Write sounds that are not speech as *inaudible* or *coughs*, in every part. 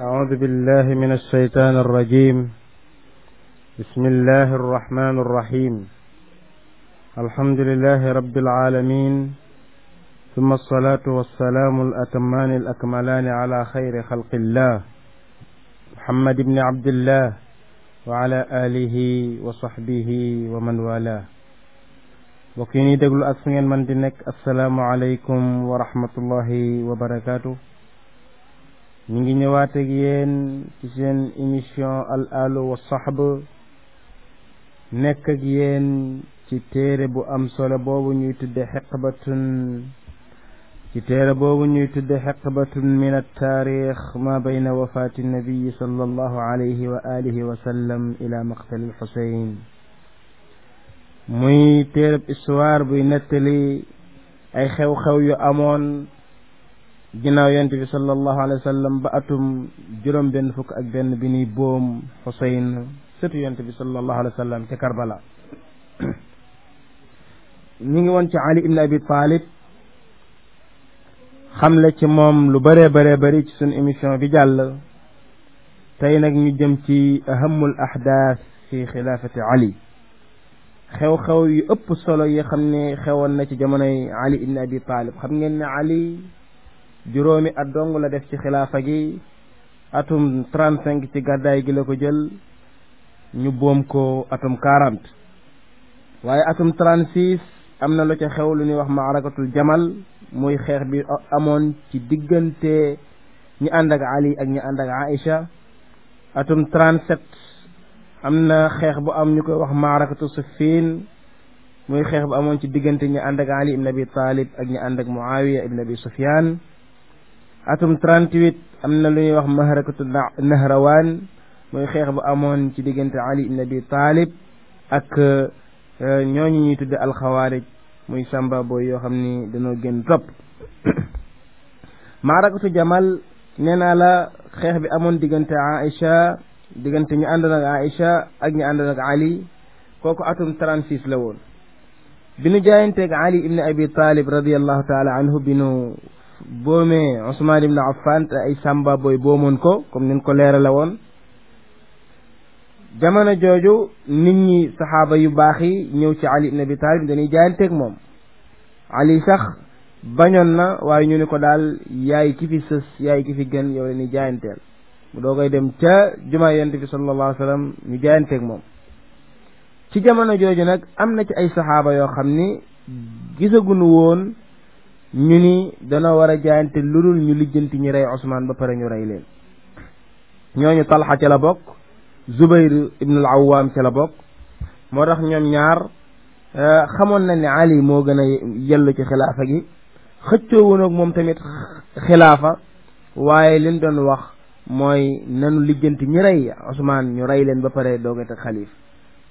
أعوذ بالله من الشيطان الرجيم بسم الله الرحمن الرحيم الحمد لله رب العالمين ثم الصلاة والسلام الأتمان الأكملان على خير خلق الله محمد بن عبد الله وعلى آله وصحبه ومن والاه mbokk yi ñuy déglu ak fu ngeen man di nekk assalaamu alaykum wa rahmatullahi wa barakaatu ñu ngi ñëwaat ak yéen ci seen émission al alu wa sahb nekk ak yéen ci téere bu am solo boobu ñuy tudde xeqbatun ci téere boobu ñuy tudde xeqbatun min attaarix ma bayna wafaati nabiyi sallallahu alayhi wa alihi wa sallam ila maqtali alxusayn muy téereb histoire buy nettali ay xew-xew yu amoon ginnaaw yonent bi sallallahu alayhi wa sallam ba juróom benn fukk ak benn bi nuy boom Xuseyn sëtu yonent bi sallallahu sallam ca Karbala *clears throat* ñu ngi woon ci Ali ibn Abi Talib xamle ci moom lu bëree bëree bari ci suñu émission bi jàll tey nag ñu jëm ci ahamul ahdaas fi xilaafati Ali xew-xew yu ëpp solo yi xam ne xewoon na ci jamonoy Ali ibn Abi Talib xam ngeen ne Ali juróomi at dong la def ci xilaafa gi atum trente cinq ci gàddaay gi la ko jël ñu boom ko atum quarante waaye atum trente am na lu ca xew lu ñuy wax maarakatul jamal muy xeex bi amoon ci diggante ñi ànd ak Ali ak ñi ànd ak Aïcha atum trente sept am na xeex bu am ñu koy wax maarakatu Siffin muy xeex bu amoon ci diggante ñi ànd ak Ali ibn Abi Talib ak ñi ànd ak Muawiya ibn Abi atum 38 am na lu ñuy wax mahrakatu nahrawaan muy xeex bu amoon ci diggante ali ibn abi taalib ak euh, ñooñu ñuy tudde alxawaarij muy samba booy yoo xam ni dañoo gën topp *coughs* maarakatu jamal nee naa la xeex bi amoon diggante aïcha diggante ñu àndoon ak aïcha ak ñu àndoon ak ali kooku atum 36 la woon bi nu jaayanteeg ali ibn abi taalib radiallahu taala anhu bi boomee Ousmane Ibn Affan ay sàmba booy boomoon ko comme nin ko leerale woon jamono jooju nit ñi saxaaba yu baax yi ñëw ci Ali ibn Abi Talib dañuy jaayanteeg moom Ali sax bañoon na waaye ñu ni ko daal yaay ki fi sës yaay ki fi gën yow la ñuy jaayanteel mu doogay dem ca jumaa yonent bi sallallahu alayhi ñu jaayanteeg moom ci jamono jooju nag am na ci ay saxaaba yoo xam ni gisaguñu woon ñu ni dana war a jaayante lu dul ñu lijjanti ñi rey Ousmane ba pare ñu rey leen ñooñu Talha ca la bokk Zubayr ibn al ca la bokk moo tax ñoom ñaar euh, xamoon na ne Ali moo gën a yellu ci xilaafa gi xëccoo woon moom tamit xilaafa waaye liñ doon wax mooy nanu lijjanti ñi rey Ousmane ñu rey leen ba pare doog a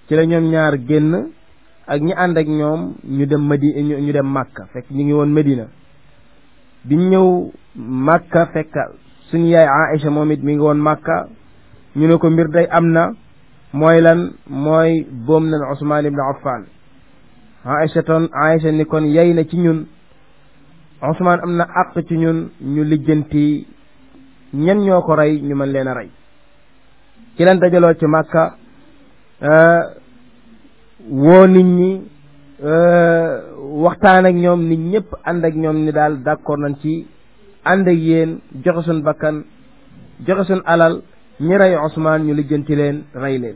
ci la ñoom ñaar génn ak ñi ànd ak ñoom ñu dem madi ñu dem Makka fekk ñu ngi woon Medina biñ ñëw màkka fekk suñu yaay Aïcha moom it mi ngi woon Makka ñu ne ko mbir dey am na mooy lan mooy boom nañ Ousmane ibn na ci ñun Ousmane am na àq ci ñun ñu lijjanti ñen ñoo ko rey ñu mën leen a rey ci lan dajaloo ci Makka euh, woo nit ñi euh, waxtaan ak ñoom nit ñëpp ànd ñoom ni daal d'accord nañ ci ànd yeen yéen joxe suñ bakkan joxe suñ alal ñi rey Ousmane ñu lijjanti leen rey leen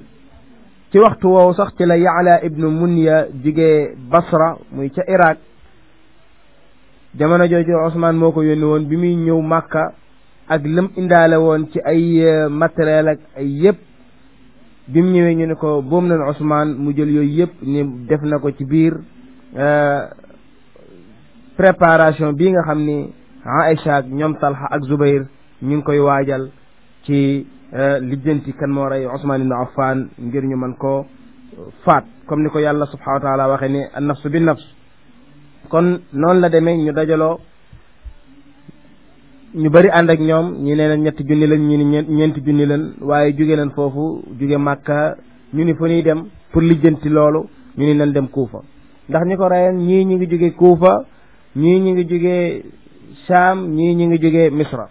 ci waxtu woow sax ci la Yaala ibnu Munya jugee Basra muy ca Irak jamono jooju Ousmane moo ko yónni woon bi muy ñëw Màkka ak lim indaale woon ci ay euh, matériel ak ay yëpp bi mu ñëwee ñu ne ko boom nañ Ousmane mu jël yooyu yëpp ni def na ko ci biir euh, préparation bi nga xam ni Aïcha ak ñoom Talha ak Zubair ñu ngi koy waajal ci euh, lijjanti kan moo rey Ousmane ibn Affan ngir ñu mën koo faat comme ni ko yàlla subhanahu wa waxe ni an nafsu bin nafs kon noonu la demee ñu dajaloo ñu bari ànd ak ñoom ñi nee na ñetti junni lañ ñu ni ñeenti junni lañ waaye jóge nañ foofu jóge màkka ñu ni fu ñuy dem pour lijjanti loolu ñu ni nañ dem kuufa ndax ñi ko reyoon ñii ñu ngi jóge kuufa ñii ñu ngi jóge Saam ñi ñu ngi jóge Misra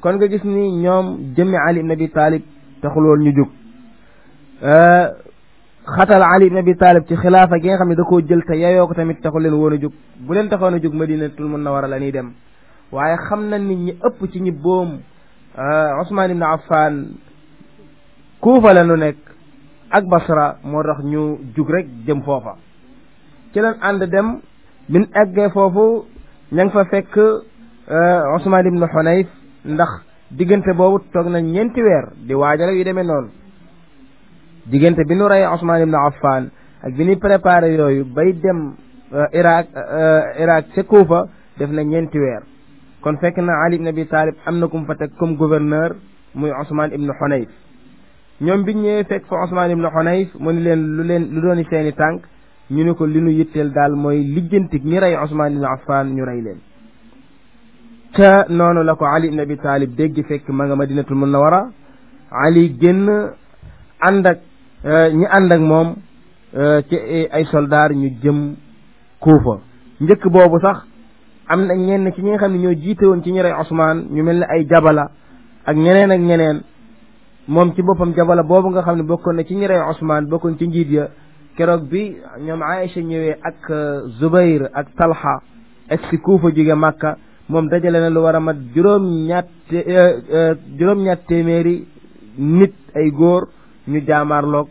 kon nga gis ni ñoom jëmmi Ali ibn Abi Talib taxul woon ñu jóg euh, xatal Ali ibn bi Talib ci xilaafa gi nga xam ne da koo jël te yayoo ko tamit taxu leen woon a jóg bu leen taxoon a jóg Madinatul Munawwara la ñuy dem waaye xam na nit ñi ëpp ci ñi boom euh, Ousmane Ibn Affan kuufa la nu nekk ak Basra moo tax ñu jug rek jëm foofa ci lañ ànd dem bin eggee foofu ña ngi fa fekk euh, Ousmane Ibn Hunayf ndax diggante boobu toog na ñeenti weer di waajale yu demee noonu diggante bi nu rey Ousmane Ibn Affan ak bi ñuy préparé yooyu bay dem euh, Irak Irak ca Kuufa def na ñeenti weer kon fekk na Ali ibn Abi am na ku mu fa teg comme gouverneur muy Ousmane ibn Hunayf ñoom biñ ñëwee fekk fa Ousmane ibn Hunayf mu ni leen lu leen lu doon seeni tànk ñu ni ko li nu yitteel daal mooy lijjantik ñi rey Ousmane ibn Affan ñu rey leen ca noonu la ko Ali ibn taalib Talib dégg fekk ma nga Madinatul Munawwara Ali génn ànd ak euh, ñi ànd ak moom euh, ci ay soldaar ñu jëm Kuufa njëkk boobu sax am na ñenn ci ñi nga xam ne ñoo jiite woon ci ñi rey Ousmane ñu mel ne ay jabala ak ñeneen ak ñeneen moom ci boppam jabala boobu nga xam ne bokkoon na ci ñi rey Ousmane bokkoon ci njiit ya keroog bi ñoom Aïcha ñëwee ak euh, Zubayr ak Talha ak si Kuufa moom dajale na lu war a mat juróom euh, euh, téeméeri nit ay góor ñu jaamaarloog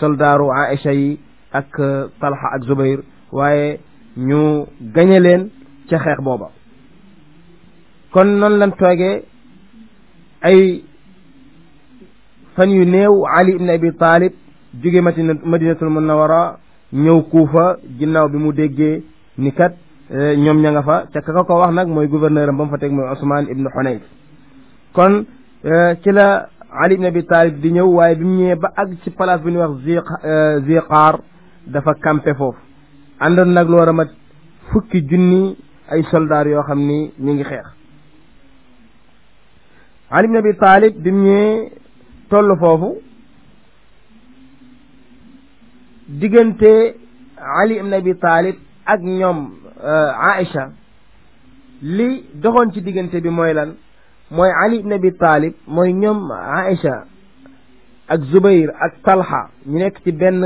soldaaru Aïcha yi ak Talha ak Zubayr waaye ñu gañe leen ca xeex booba kon noonu lañ toogee ay fan yu néew ali ibn abi taalib jóge madina madinatul munawara ñëw kuufa ginnaaw bi mu déggee ni kat eh, ñoom ña nga fa ca ka ko wax nag mooy gouverneur am ba fa teg mooy Ousmane ibn Hunayf kon eh, ci la ali ibn abi taalib di ñëw waaye bi ñëwee ba àgg ci place bi ñuy wax eh, ziqaar dafa campé foofu àndoon nag lu war a mat fukki junni ay soldaar yoo xam ni ñu ngi xeex Ali ibn Abi Taalib bi mu ñëwee toll foofu diggante Ali ibn Abi Taalib ak ñoom euh, Aïcha li doxoon ci diggante bi mooy lan mooy Ali ibn Abi Taalib mooy ñoom Aïcha ak Zubayr ak Talha ñu nekk ci benn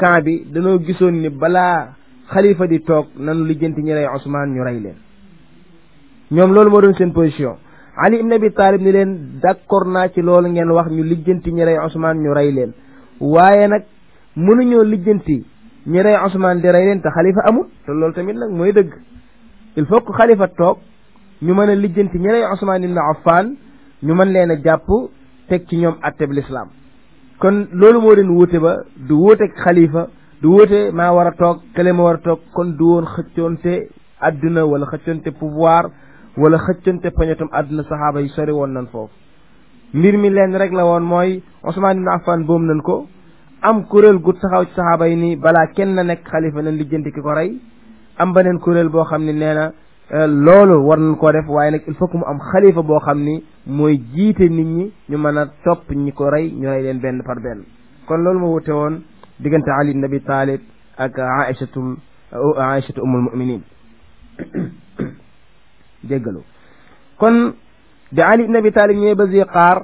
camp bi dañoo gisoon ni balaa xalifa di toog nanu lijjanti ñi rey Ousmane ñu rey leen ñoom loolu moo doon seen position Ali ibn Abi ni leen d'accord naa ci loolu ngeen wax ñu lijjanti ñi rey Ousmane ñu rey leen waaye nag mënuñoo lijjanti ñi rey Ousmane di rey leen te xalifa amul te loolu tamit nag mooy dëgg il faut xalifa toog ñu mën a lijjanti ñi rey Ousmane ibn Affan ñu mën leen a jàpp teg ci ñoom atteb l'islam kon loolu moo doon wuute ba du wuuteeg xalifa du wute maa war a toog kële ma war a toog kon du woon xëccoonte àdduna wala xëccoonte pouvoir wala xëccoonte pañetam àdduna saxaaba yi sori woon nan foofu mbir mi leen rek la woon mooy Ousmane ibn Affan boom nañ ko am kuréel gu taxaw ci saxaaba yi nii balaa kenn na nekk xalifa nañ lijjanti ki ko rey am beneen kuréel boo xam ne nee na euh, loolu war nañ koo def waaye nag il faut que mu am xalifa boo xam ni mooy jiite nit ñi ñu mën a topp ñi ko rey ñu rey leen benn par benn diggante ali ibn abi taalib ak aïchatul aïchatu umul muminin *coughs* jéggalu kon bi ali ibn abi taalib ñëwee ba ziqaar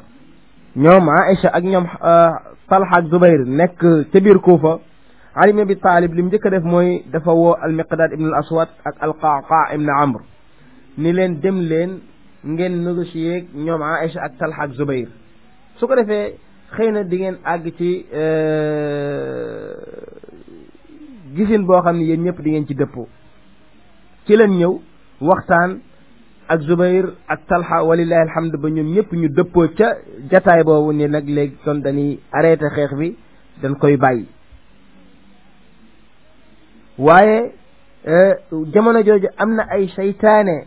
ñoom aïcha ak ñoom euh, talha ak zubayr nekk ca biir kuufa ali ibn abi taalib li mu njëkk a def mooy dafa woo almiqdaad ibn al aswad ak alqaqa ibn amr ni leen dem leen ngeen négocier ñoom aïcha ak talha ak zubayr su ko defee xëy na di ngeen àgg ci euh, gisin boo xam ne yéen ñëpp di ngeen ci dëppoo ci leen ñëw waxtaan ak Zubair ak Talha walillahi alhamdu ba ñoom ñëpp ñu dëppoo ca jataay boobu ni nag léegi kon dañuy arrêté xeex bi dañ koy bàyyi waaye euh, jamono jooju am na ay seytaane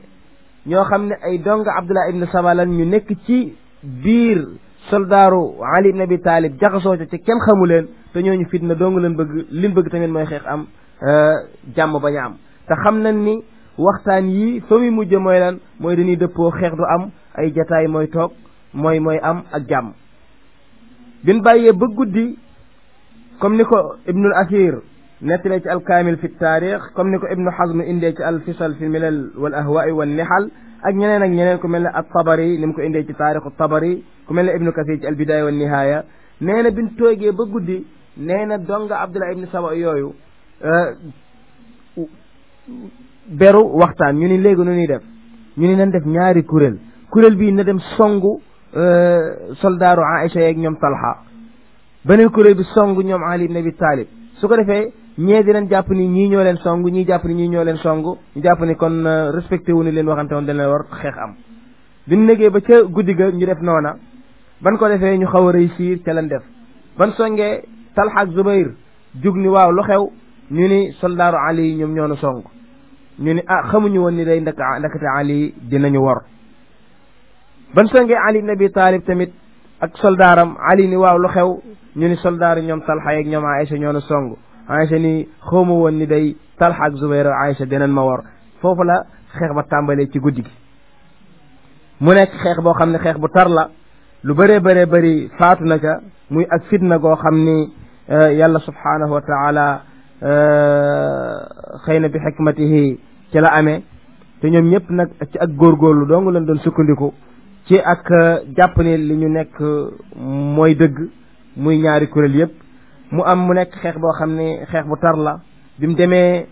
ñoo xam ne ay dong Abdullah ibn Saba lan ñu nekk ci biir soldaaru Ali ibn Abi Taalib jaxasoo ca ci kenn xamu leen te ñooñu fitna dong leen bëgg liñ bëgg tamit mooy xeex am euh, jàmm bañ a am te xam nañ ni waxtaan yii fa muy mujj mooy lan mooy dañuy dëppoo xeex du am ay jataay mooy toog mooy mooy am ak jàmm bin bàyyee ba guddi comme ni ko ibnul asir nettalee ci alkaamil fi taarix comme ni ko ibnu xazm indee ci alfisal fi milal wal ahwaai wal nihal ak ñeneen ak ñeneen ku mel ne at tabari ni mu ko indee ci taarixu tabari ku mel ne ibnu kasir ci al bidaaya wa nihaaya nee na bin toogee ba guddi nee na donga abdullah ibnu saba yooyu euh, beru waxtaan ñu ni léegi nu ñuy def ñu ni nan def ñaari kuréel kuréel bii na dem songu euh, soldaaru aïcha yeeg ñoom talha beneen kuréel bi songu ñoom ali ibn abi talib su ko ñee dinañ jàpp ni ñii ñoo leen song ñii jàpp ni ñii ñoo leen song ñu jàpp ni kon euh, respecté wu ni leen waxante woon dañ leen war xeex am bi ñu négee ba ca guddi ga ñu def noona ban ko defee ñu xaw a réussir ca lañ def ban songee Talha ak Zubayr jug ni waaw lu xew ñu ni soldaaru Ali yi ñoom ñoo nu song ñu ni ah xamuñu woon ni day ndek ndekete Ali dinañu wor ban songee Ali ibn Abi tamit ak soldaaram Ali ni waaw lu xew ñu ni soldaaru ñoom Talha yeeg ñoom Aïcha ñoo nu song Aïcha ni xawma woon ni day Talha ak Zubayr Aïcha dinañ ma war foofu la xeex ba tàmbalee ci guddi mu nekk xeex boo xam ne xeex bu tar la lu bëree bëree bari faatu na ca muy ak fitna goo xam ni euh, yàlla subhaanahu wa taala euh, xëy na bi xikmatihi ci la amee te ñoom ñëpp nag ci ak góor góorgóorlu dong lañ doon sukkandiku ci ak euh, jàpp ne li ñu nekk mooy dëgg muy ñaari kuréel yëpp mu am mu nekk xeex boo xam ne xeex bu tar la bi mu demee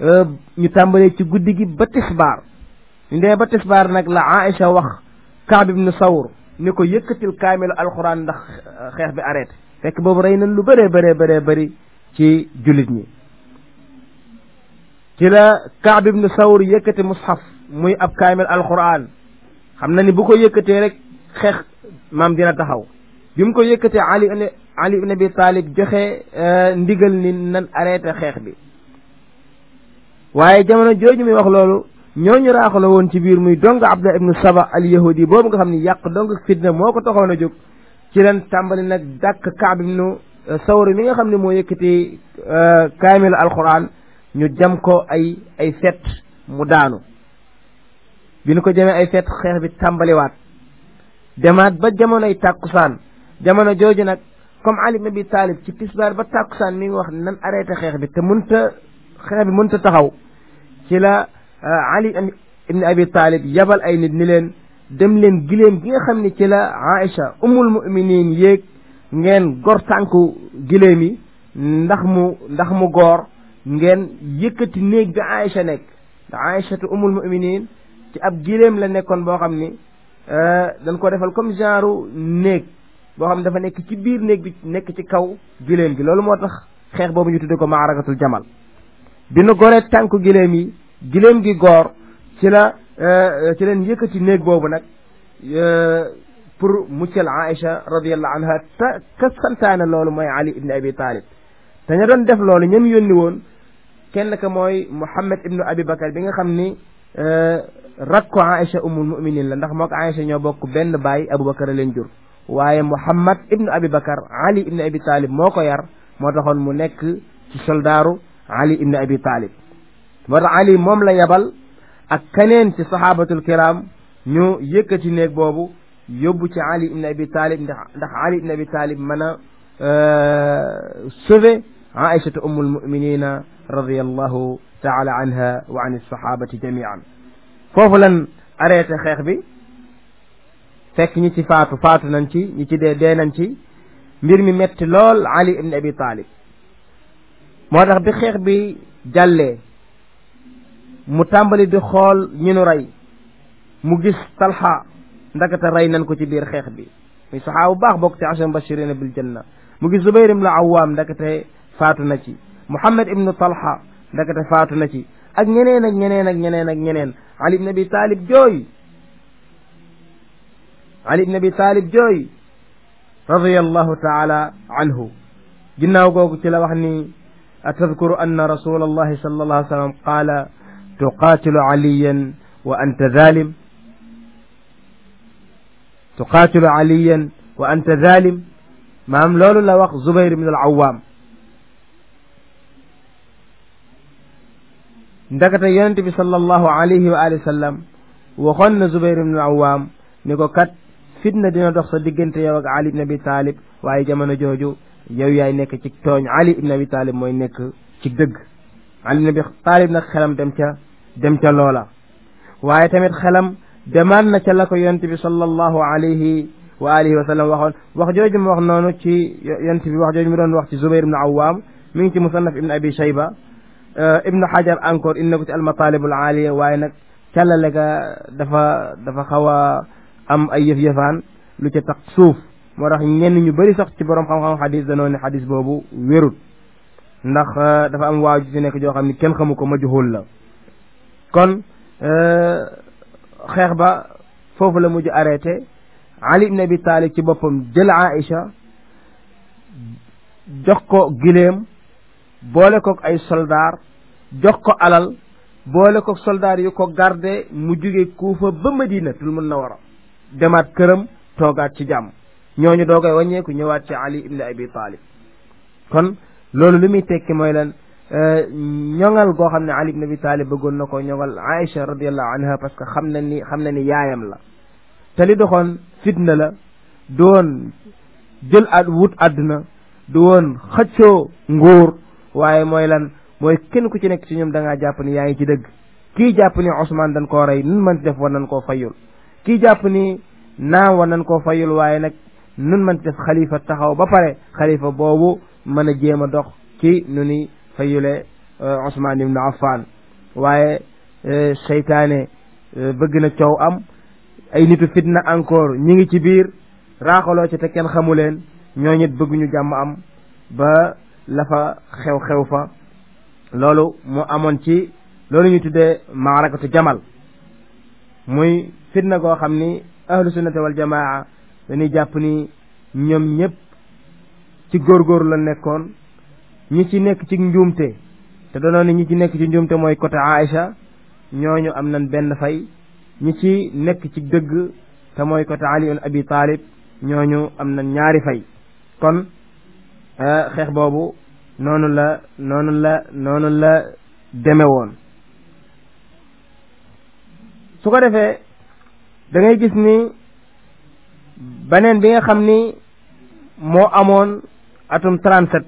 euh, ñu tàmbalee ci guddi gi ba tisbaar ñu demee ba nag la Aïcha wax Kaab ibn Sawr ni ko yëkkatil kaamilu alxuraan ndax xeex bi arrêté fekk boobu rey nañ lu bëree bëree bëree bari ci jullit ñi ci la Kaab ibn Sawr yëkkati mushaf muy ab kaamil alxuraan xam na ni bu ko yëkkatee rek xeex maam dina taxaw bi mu ko yëkkatee Ali ibn Ali ibn Abi Talib joxe eh, ndigal ni nan arrêté xeex bi waaye jamono jooju muy wax loolu ñu raaxaloo woon ci biir muy dong Abdullah ibnu Saba al yahudi boobu nga xam ne yàq dong fitna moo ko taxoon a jóg ci leen tàmbali nag dàkk Kaab ibnu eh, Sawr mi nga xam ne moo yëkkati eh, kaamilu alquran ñu jam ko ay ay fet mu daanu bi ñu ko jamee ay fet xeex bi tàmbaliwaat demaat ba jamonoy tàkkusaan jamono jooju nag comme Ali ibn Abi ci tisbaar ba tàkkusaan mi ngi wax nan arrêté xeex bi te mënta xeex bi mënta taxaw ci la euh, Ali ibn Abi yabal ay nit ni leen dem leen gileem gi nga xam ne ci la Aïcha umul muminin yéeg ngeen gor tànku gileem yi ndax mu ndax mu goor ngeen yëkkati néeg bi Aïcha nekk Aïcha te umul muminin ci ab gileem la nekkoon boo xam ni euh, dañ ko defal comme genre néeg boo xam ne dafa nekk ci biir néeg bi nekk ci kaw giléem gi loolu moo tax xeex boobu ñu tudde ko maarakatul jamal bi nu goree tànk giléem yi giléem gi goor ci la euh, ci leen yëkkati néeg boobu nag euh, pour muccal Aïcha radiyallahu anha ta ka santaane loolu mooy Ali ibn Abi Talib te ña doon def loolu ñam yónni woon kenn ka mooy Muhammad ibn Abi Bakar bi nga xam ni euh, rakko Aïcha umul muminin la ndax moo ko bokk benn baay Abubakar a leen jur waaye Muhammad ibnu Abi Bakar Ali ibnu Abi Talib moo ko yar moo taxoon mu nekk ci soldaaru Ali ibnu Abi Talib moo tax Ali moom la yabal ak keneen ci saxaabatul kiram ñu yëkkati néeg boobu yóbbu ci Ali ibn Abi Talib ndax ndax Ali ibn Abi Talib mën a euh, sauver Aïchatu ummul muminina radiyallahu taala anha wa an as-sahabati jami'an foofu lan arrêté xeex bi fekk ñi ci faatu faatu nañ ci ñi ci dee dee nañ ci mbir mi metti lool ali ibn abi taalib moo tax bi xeex bi jàllee mu tàmbali di xool ñi nu rey mu gis talxa ndakata rey nañ ko ci biir xeex bi muy saxaabu baax bokk ci asham bashirina bil janna mu gis zubayr ibn awaam ndakate faatu na ci muhammad ibnu talxa ndakate faatu na ci ak ñeneen ak ñeneen ak ñeneen ak ñeneen ali ibn abi taalib jooy ali ibn abi taalib jooy radiyallahu taala anhu ginnaaw googu ci la wax ni atadkuru anna rasul allahi sal allah alai sallam qaala tuqaatilu caliyan wa anta zaalim tuqaatilu caliyan wa anta zaalim maam loolu la wax zubayr ibn al-awaam ndakate yonente bi sallallahu alayhi wa alihi wa sallam waxoon na zubayr ibn al-awaam ni ko kat fitna dina dox sa diggante yow ak Ali ibn Abi Talib waaye jamono jooju yow yaay nekk ci tooñ Ali ibn Abi Talib mooy nekk ci dëgg Ali ibn Abi Talib nag xelam dem ca dem ca loola waaye tamit xelam demaat na ca la ko yonent bi sallallahu alayhi wa alihi wa sallam waxoon wax jooju mu wax noonu ci yonent bi wax jooju mu doon wax ci Zubayr ibn Awwam mi ngi ci musannaf ibn Abi Shayba euh, ibnu Hajar encore inna ko ci al matalibul aliya waaye nag càllale ga dafa dafa xaw a am ay yëf yëfaan lu ci tax suuf moo tax ñenn ñu bari sax ci borom xam-xam xadis danoo ne xadis boobu wérut ndax euh, dafa am waaju ci nekk joo xam ni kenn xamu ko majhul la kon euh, xeex ba foofu la mujj arrêté Ali ibn Abi ci boppam jël Aïcha jox ko giléem boole kook ay soldaar jox ko alal boole ko soldaar yu ko garde mu jóge Kuufa ba Madinatul Munawwara demaat këram toogaat ci jàmm ñooñu doogay wàññeeku ñëwaat ci ali ibn abi talib kon loolu lu muy tekki mooy lan euh, ñoŋal goo xam ne ali ibn abi talib bëggoon na ko ñoŋal aïcha radiallahu anha parce que xam na ni xam na ni yaayam la te li doxoon fitna la du woon jël at wut àdduna du woon xëccoo nguur waaye mooy lan mooy kenn ku ci nekk ci ñoom da jàpp ni yaa ngi ci dëgg kii jàpp ni Ousmane dañ koo rey nun mën def war nañ koo fayul kii jàpp ni naa war nañ koo fayul waaye nag nun man xalifa taxaw ba pare xalifa boobu mën a jéem a dox ci nu ni fayule euh, Ousmane ibnu Affan waaye euh, seytaane euh, bëgg na coow am ay nitu fitna encore ñi ngi ci biir raaxaloo ci te kenn xamu leen ñooñu it bëgguñu jàmm am ba lafa fa xew-xew fa loolu mu amoon ci loolu ñu tuddee maarakatu jamal muy fitna goo xam ni ahlu sunnati wal jamaa dañuy jàpp ni ñoom ñëpp ci góor góor la nekkoon ñi ci nekk ci njuumte te doonoon ni ñi ci nekk ci njuumte mooy côté Aïcha ñooñu am nañ benn fay ñi ci nekk ci dëgg te mooy côté Ali ibn Abi Talib ñooñu am nañ ñaari fay kon eh, xeex boobu noonu la noonu la noonu la deme woon su ko defee da gis ni beneen bi nga xam ni moo amoon atum 37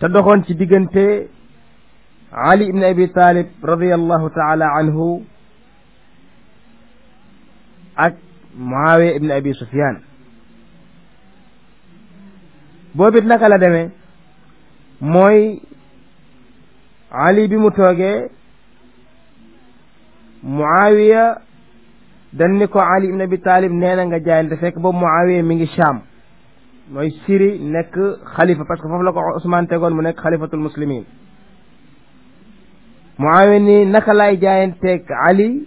te doxoon ci diggante Ali ibn Abi Talib radiyallahu taala anhu ak Muawiya ibn Abi Sufyan boobit naka la demee mooy Ali bi mu toogee muawiya dañ ni ko ali ibn abi taalib nee na nga jaayante fekk boobu muawiya mi ngi Sham mooy Syrie nekk xalifa parce que foofu la ko Ousmane tegoon mu nekk xalifatul muslimin muawiya ni naka lay jaayanteeg ali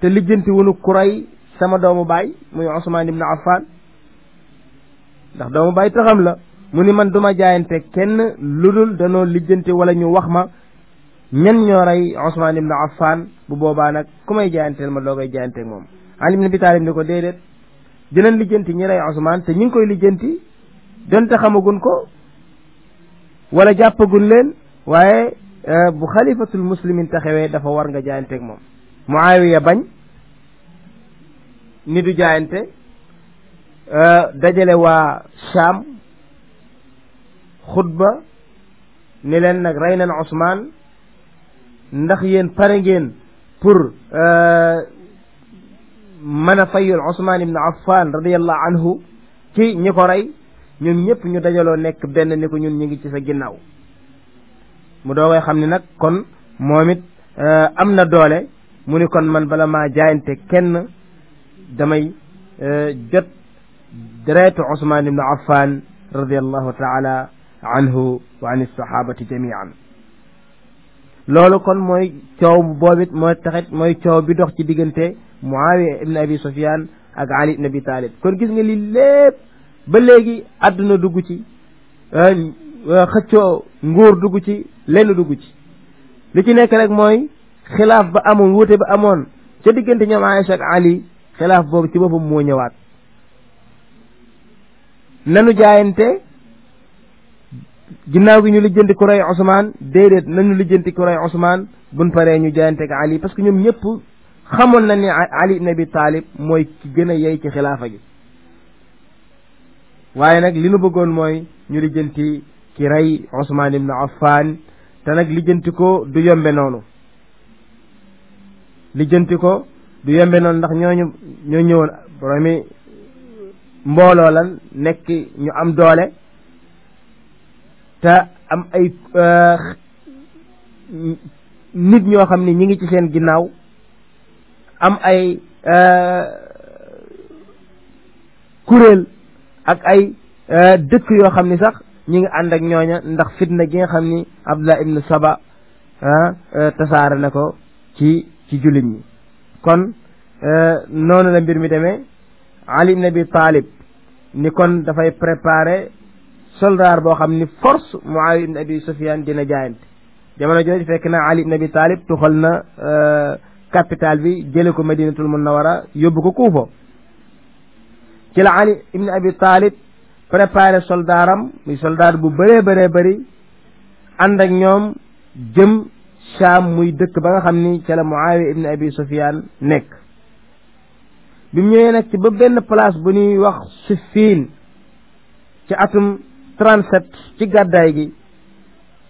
te lijjanti wunu kuray sama doomu baay muy Ousmane ibn Affan ndax doomu baay taxam la mu ni man duma jaayante kenn lu dul danoo lijjanti wala ñu wax ma ñan ñoo rey Ousmane ibn Affan bu boobaa nag ku may jaayanteel ma doo koy jaayanteeg moom Ali ibn Abi Talib ni ko déedéet dinañ lijjanti ñi rey Ousmane te ñu ngi koy lijjanti donte xamagun ko wala jàppagun leen waaye euh, bu xalifatul muslimin taxawee dafa war nga jaayanteeg moom Muawiya bañ ni du jaayante euh, dajale waa Sham xutba ni leen nag rey nañ Ousmane ndax yéen pare ngeen pour euh, mën a fayul Ousmane ibn Affan radiyallahu anhu ci ñi ko rey ñoom ñëpp ñu dajaloo nekk benn ni ko ñun ñu ngi ci sa ginnaaw mu doogay xam ni nag kon moom it euh, am na doole mu ni kon man bala ma jaayante kenn damay euh, jot deretu Ousmane ibn Affan radiyallahu taala anhu wa an as-sahabati loolu kon mooy coow boobit mooy taxit mooy coow bi dox ci diggante Muawiya ibn Abi Sufyan ak Ali ibn Abi Talib kon gis nga li lépp ba léegi àdduna dugg ci euh, euh, xëccoo nguur dugg ci lenn dugg ci li ci nekk rek mooy xilaaf ba amoon wuute ba amoon ca diggante ñoom Aïcha ak Ali xilaaf boobu ci boppam moo ñëwaat nanu jaayante ginnaaw gi ñu lijjanti ku rey Ousmane déedéet nañu lijjanti ku rey Ousmane buñ paree ñu jaayanteeg Ali parce que ñoom ñëpp xamoon na ne Ali ibn Abi Talib mooy ki gën a yey ci xilaafa gi waaye nag li nu bëggoon mooy ñu lijjanti ki rey Ousmane ibn Affan te nag lijjanti ko du yombe noonu lijjanti ko du yombe noonu ndax ñooñu ñoo ñëwoon boromi mbooloo lan nekk ñu am doole te am ay euh, nit ñoo xam ni ñi ngi ci seen ginnaaw am ay euh, kuréel ak ay euh, dëkk yoo xam ni sax ñi ngi ànd ak ñooña ndax fitna gi nga xam ni Abdullah ibn Saba ah, tasaare na ko ci ci jullit ñi kon noonu la mbir mi demee Ali ibn Abi Talib ni kon dafay préparer soldaar boo xam ni force mu Ali ibn Abi Sufyan dina jaayante jamono jooju fekk na Ali ibn Abi Talib tuxal na euh, capital bi jële ko Madinatul Munawara yóbbu ko Kuufa ci la Ali ibn Abi Talib préparé soldaaram muy soldaar bu bëree bëree bari ànd ñoom jëm Sham muy dëkk ba nga xam ni ca la Muawiya ibn Abi Sufyan nekk bi mu ñëwee nag ci ba benn place bu ñuy wax Siffin ci atum 37 ci gàddaay gi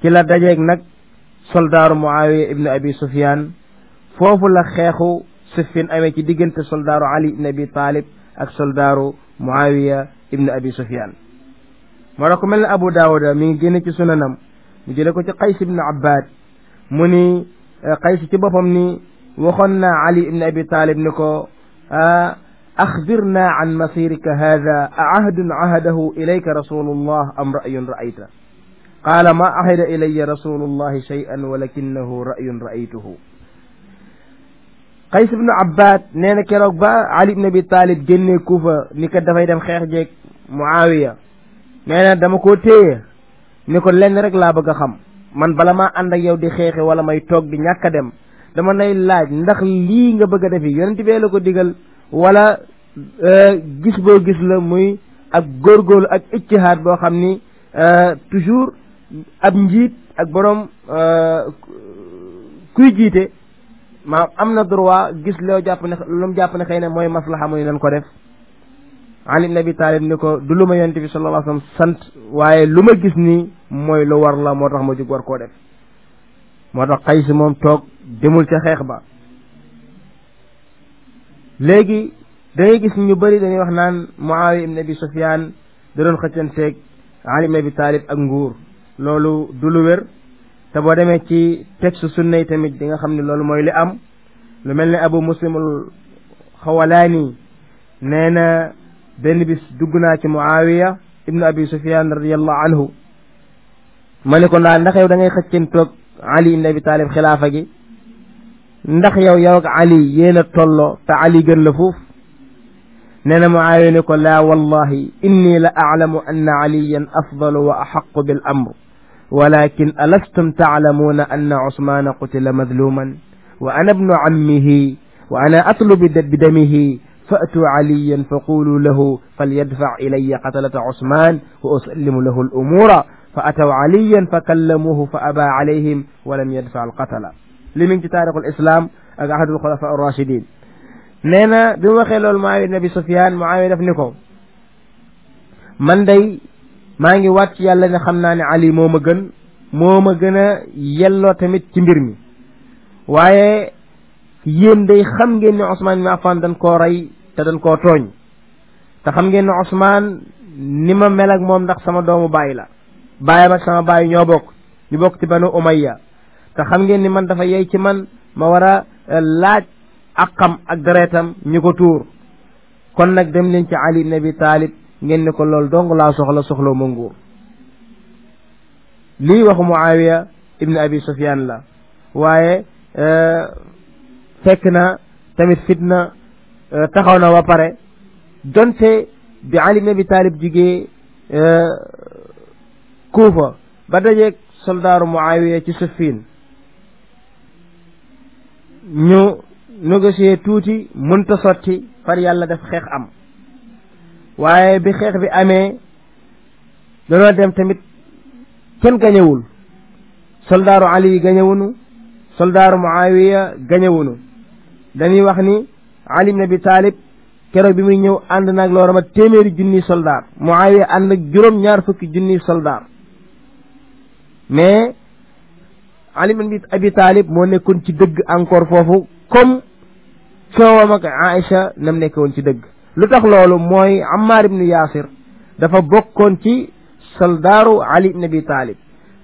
ci la dajeeg nag soldaaru Muawiya ibn Abi Sufyan foofu la xeexu Siffin amee ci diggante soldaaru Ali ibn Abi Talib ak soldaaru Muawiya ibn Abi Sufyan moo tax ku mel ne Abu Daawuda mi ngi génne ci sunanam mu jële ko ci Qays ibn Abbad mu ni eh, Qays ci boppam ni waxoon naa Ali ibn Abi Talib ni ko ah أخبرنا عن مصيرك هذا أعهد عهده إليك رسول الله أم رأي رأيته قال ما عهد إلي رسول الله شيئا ولكنه رأي رأيته Qays ibn Abbad nee na keroog ba Ali ibn Abi Talib génnee Kufa ni ko dafay dem xeex jeeg Muawiya nee na dama koo téye ni ko lenn rek laa bëgg a xam man bala maa ànd ak yow di xeexe wala may toog di ñàkk a dem dama nay laaj ndax lii nga bëgg a defi yonent bee la ko digal wala euh, gis boo gis la muy ak góorgóorlu ak ictihaad boo xam ni euh, toujours ab njiit ak boroom euh, kuy jiite maam am na droit gis loo jàpp ne lu mu jàpp ne xëy mooy maslaha muy nan ko def Ali ibn Abi ni ko du lu ma yonent bi sallallahu sant waaye lu ma gis nii mooy lu war la moo tax ma jóg war koo def moo tax Qays moom toog demul ca xeex ba léegi dangay ngay gis ñu bëri dañuy wax naan Muawiya ibn Abi Sufyaan da doon xëccanteeg Ali ibn Abi Taalib ak nguur loolu du lu wér boo demee ci texte sunna yi tamit di nga xam ne loolu mooy li am lu mel ne Abu Muslimul Xawalaani nee na benn bis dugg naa ci Muawiya ibn Abi Sufyaan radiyallahu anhu ma ne ko ndax yow da ngay xëcceen toog Ali ibn Abi Taalib xilaafa gi ndax yow yow ak ali yéen a tolloo te ali gën la foofu nee na Muawiya ne ko laa wallahi inni la aclamu anna aliyan afdalu wa axaqu bil amr walakin alastum taclamuuna anna usmaana qutila madluman wa ana bnu cammihi wa ana atlubu bidamihi faatuu caliyan faquluu lahu falyadfac ilaya qatalata cusman wa usallimu lahu alumuura fa ataw caliyan fa kallamuuhu fa abaa calayhim walam yadfac alqatala li mu ngi ci taarixul islam ak ahadul xulafa ar-rashidin nee na bi mu waxee loolu Muawiya nabi Sufyaan Muawiya daf ni ko man day maa ngi wàcc yàlla ne xam naa ne Ali moom a gën moo a gën a yelloo tamit ci mbir mi waaye yéen day xam ngeen ne Ousmane mi Affan dan koo rey te dañ koo tooñ te xam ngeen ne ni ma mel moom ndax sama doomu baay la baayam ak sama baay ñoo bokk ñu bokk ci banu Umayya te xam ngeen ni man dafa yey ci man ma war a eh, laaj aqam ak deretam ñi ko tuur kon nag dem leen ci Ali ibn Abi Talib ngeen ni ko loolu dong laa soxla soxla ma nguur lii waxu Muawiya ibn Abi Sufyan la waaye eh, fekk na tamit fitna eh, taxaw na ba pare donte bi Ali ibn Abi Talib jugee Kuufa ba dajeeg soldaaru Muawiya ci Siffin ñu négocier tuuti mënta sotti far yàlla def xeex am waaye bi xeex bi amee danoo dem tamit kenn gañewul soldaaru ali gañewunu soldaaru muawiya gañewunu dañuy wax ni ali ibn abi taalib keroog bi muy ñëw ànd nag loo rama téeméeri junniy soldaar muawiya ànd ak juróom ñaar fukki junniy soldaar mais Ali ibn Abi Talib moo nekkoon ci dëgg encore foofu comme coowam na Aïcha nam nekkoon ci dëgg lu tax loolu mooy Ammar ibn Yaasir dafa bokkoon ci soldaaru Ali ibn Abi Talib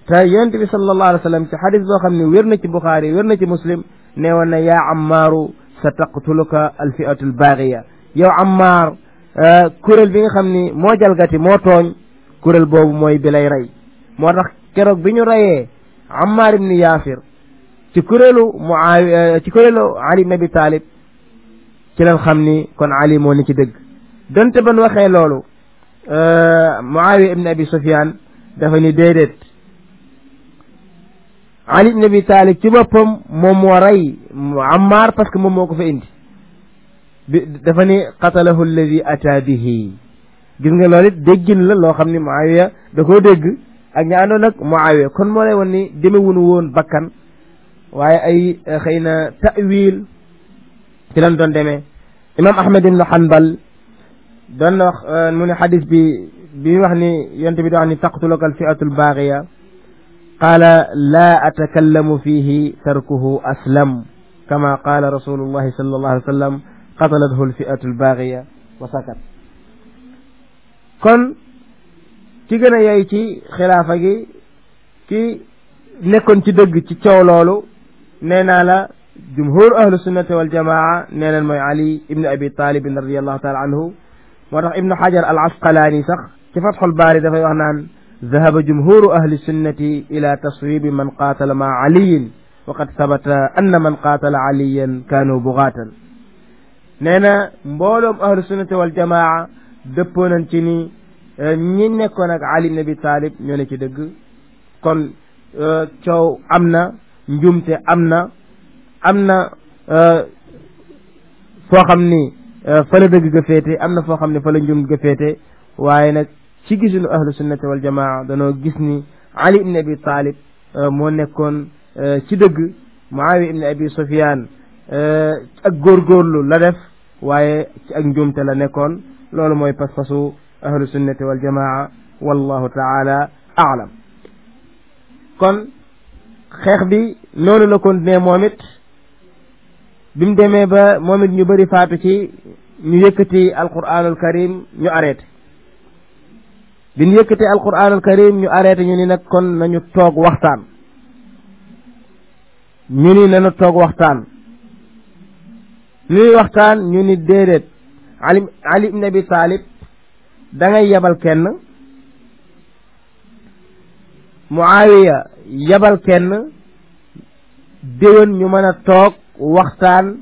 te yonent bi sallallahu alayhi wa sallam ci xadis boo xam ne wér na ci Buxaari wér na ci Muslim nee woon na yaa Ammaaru sa taqtuluka alfiatu albaagiya yow Ammaar euh, kuréel bi nga xam ni moo jalgati moo tooñ kuréel boobu mooy bilay lay moo tax keroog bi ñu reyee Ammar ibn Yaasir ci kuréelu Muawiya eh, ci kuréelu Ali ibn Abi Talib ci lañ xam ni kon Ali moo ni ci dëgg donte ban waxee loolu eh, Muawiya ibn Abi Sufyaan dafa ni déedéet Ali ibn Abi Talib ci boppam moom moo rey Ammar parce que moom moo ko fa indi bi dafa ni qatalahu alladi ata bihi gis nga loolu it déggin la loo xam ni Muawiya da koo dégg ak ña àndoon ak Muawiya kon moo lay won ni demewunu woon bakkan waaye ay eh, xëy na ta'wil ci lan doon demee imam Ahmad ibn Hanbal doon na wax eh, mu ne xadis bi bi wax ni yonte bi di wax ni taqtuluka alfi'atu albaagiya qaala laa atakallamu fiihi tarkuhu aslam kama qaala rasulullahi sallallahu alayhi wa sallam qatalathu alfi'atu albaagiya wa sakat kon ki gën a yey ci xilaafa gi ki nekkoon ci dëgg ci coow loolu nee naa la jumhur ahlu sunnati wal jamaa nee nañ mooy ali ibnu abi taalibin radiallahu taala anhu moo tax ibnu xajar al asqalaani sax ci fatxul baari dafay wax naan ذهب جمهور أهل السنة إلى تصويب من قاتل مع علي وقد ثبت أن من قاتل عليا كانوا بغاة nee na mbooloom ahlu sunnati wal jamaa dëppoo nañ ci ni ñi nekkoon ak Ali ibn Abi ñoo ne ci dëgg kon euh, coow am na njumte am na am na euh, foo xam ni euh, fa la dëgg ga féete am na foo xam ne fa la njum ga féete waaye nag ci gisuñu ahlu sunnati wal jamaa danoo gis ni Ali ibn Abi moo nekkoon ci dëgg Muawiya ibn Abi Sufyan ak góorgóorlu la def waaye ci ak njumte la nekkoon loolu mooy pas-pasu ahlu sunnati wal jamaa wallahu taala kon xeex bi noonu la continué moom it bi mu demee ba moomit ñu bari faatu ci ñu yëkkati alquranul karim ñu arrêté bi ñu yëkkati karim ñu arrêté ñu ni nag kon nañu toog waxtaan ñu ni nañu toog waxtaan ñuy waxtaan ñu ni déedéet ali ali ibn abi taalib dangay yebal kenn Muawiya yebal kenn déwén ñu mën a toog waxtaan